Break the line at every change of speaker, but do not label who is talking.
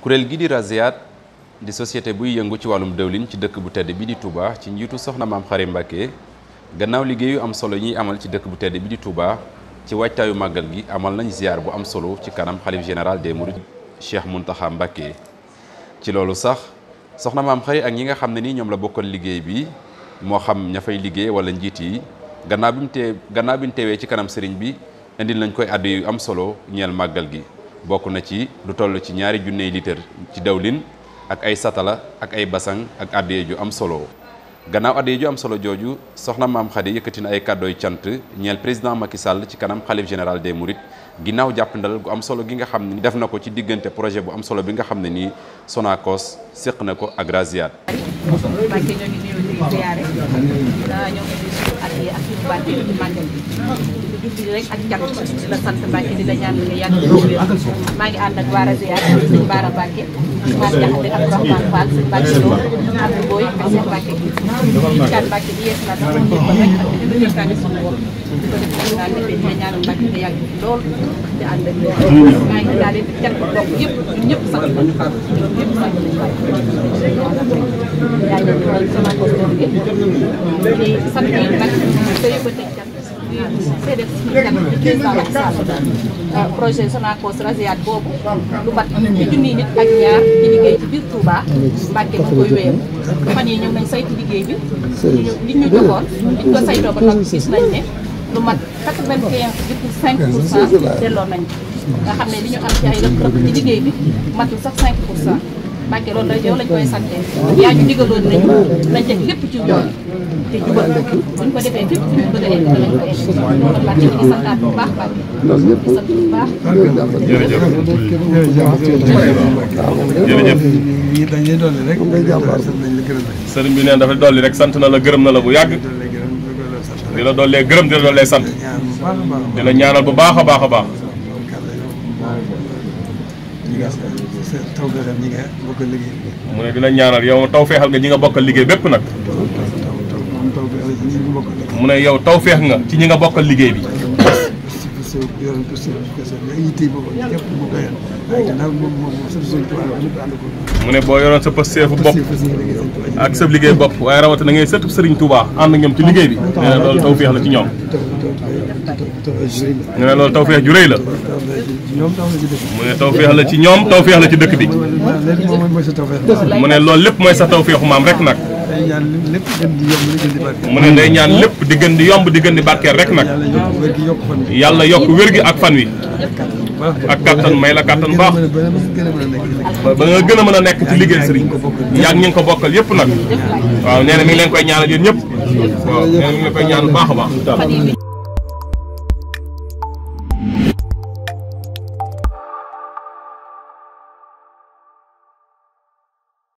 kuréel gi di Raziat di société buy yëngu ci wàllum dëwlin ci dëkk bu tedd bi di Touba ci njiitu soxna maam Xari Mbàkke gannaaw liggéey yu am solo ñiy amal ci dëkk bu tedd bi di Touba ci waajtaayu màggal gi amal nañ ziar bu am solo ci kanam xalif général des mourides Cheikh Mountakha Mbàkke ci loolu sax soxna maam Xari ak ñi nga xam ne nii ñoom la bokkal liggéey bi moo xam ña fay liggéey wala njiit yi gannaaw bi mu tee gannaaw bi mu teewee ci kanam sëriñ bi indil nañ koy àddu am solo ñeel màggal gi bokk na ci lu toll ci ñaari junney litre ci dawlin ak ay satala ak ay basang ak addiye ju am solo gannaaw addiye ju am solo jooju soxna maam Khady yëkkati na ay kàddooy cant ñeel président Macky Sall ci kanam xalif général des Mourides ginnaaw jàppandal gu am solo gi nga xam ne def na ko ci diggante projet bu am solo bi nga xam ne nii Sonacos séq na ko ak Rasiaat ah,
ak suñu barke ci màggal bi di jubli rek ak jàpp di la sant Mbacke di la maa ngi ànd ak baara Mbacke maa jaxate Abdou Boye ak Cheikh Mbacke bi Cheikh Mbacke bi yees na sax moom ñëpp rek ak li ñu yëkkaane suñu bopp di ko def ci daal di la ñaanal Mbacke di yàgg lool di ànd ak lool maa ngi daal di cat donc yëpp ñëpp sant nañu ñoom ñëpp sant nañu Mbacke yaa ngi sama kostom bi di sant yi nag sëriñ ba teg cat projet Sonacos Rasiat boobu lu bat ci junniy nit ak ñaar bi liggéey ci biir Touba Mbàkke mu koy wéyal fan yi ñëw nañ saytu liggéey bi li ñu joxoon liñ ko saytoo ba noppi gis nañ ne lu mat quatre-vingt-quinze virgule cinq pour cent delloo liggéey bi matul sax cinq pour cent Mbacke loolu rek a egg danañ ko egg kon
bu yi dañuy dolli rek bi neen dafa dolli rek sant na la gërëm na la bu yàgg di dollee gërëm di la dollee sant di la ñaanal bu baax a baax a baax ñi nga taw feexal ñi nga bokkal bi. mu dina ñaanal yow taw feexal nga ñi nga bokkal liggéey bépp nag. mu ne yow taw feex nga ci ñi nga bokkal liggéey bi. mu ne boo yoroon sa pësteefu bopp ak sa liggéey bopp waaye na ngay sëtu Serigne Touba ànd ñoom ci liggéey bi nee loolu taw la ci ñoom. ñu ne loolu tawfeex ju rëy la. mu ne tawfeex la ci ñoom tawfeex la ci dëkk bi. mu ne loolu lépp mooy sa tawfeexu maam rek nag. mu ne day ñaan lépp di gën di yomb di gën di barkeel rek nag. yàlla yokk wér gi ak fan wi. ak kattan may la kattan baax. ba nga gën a mën a nekk ci liggéey sëriñ. yaa ngi ñu ngi ko bokkal yëpp nag. waaw nee na mi ngi leen koy ñaanal yéen ñëpp. waaw nee na mi ngi leen koy ñaanal baax a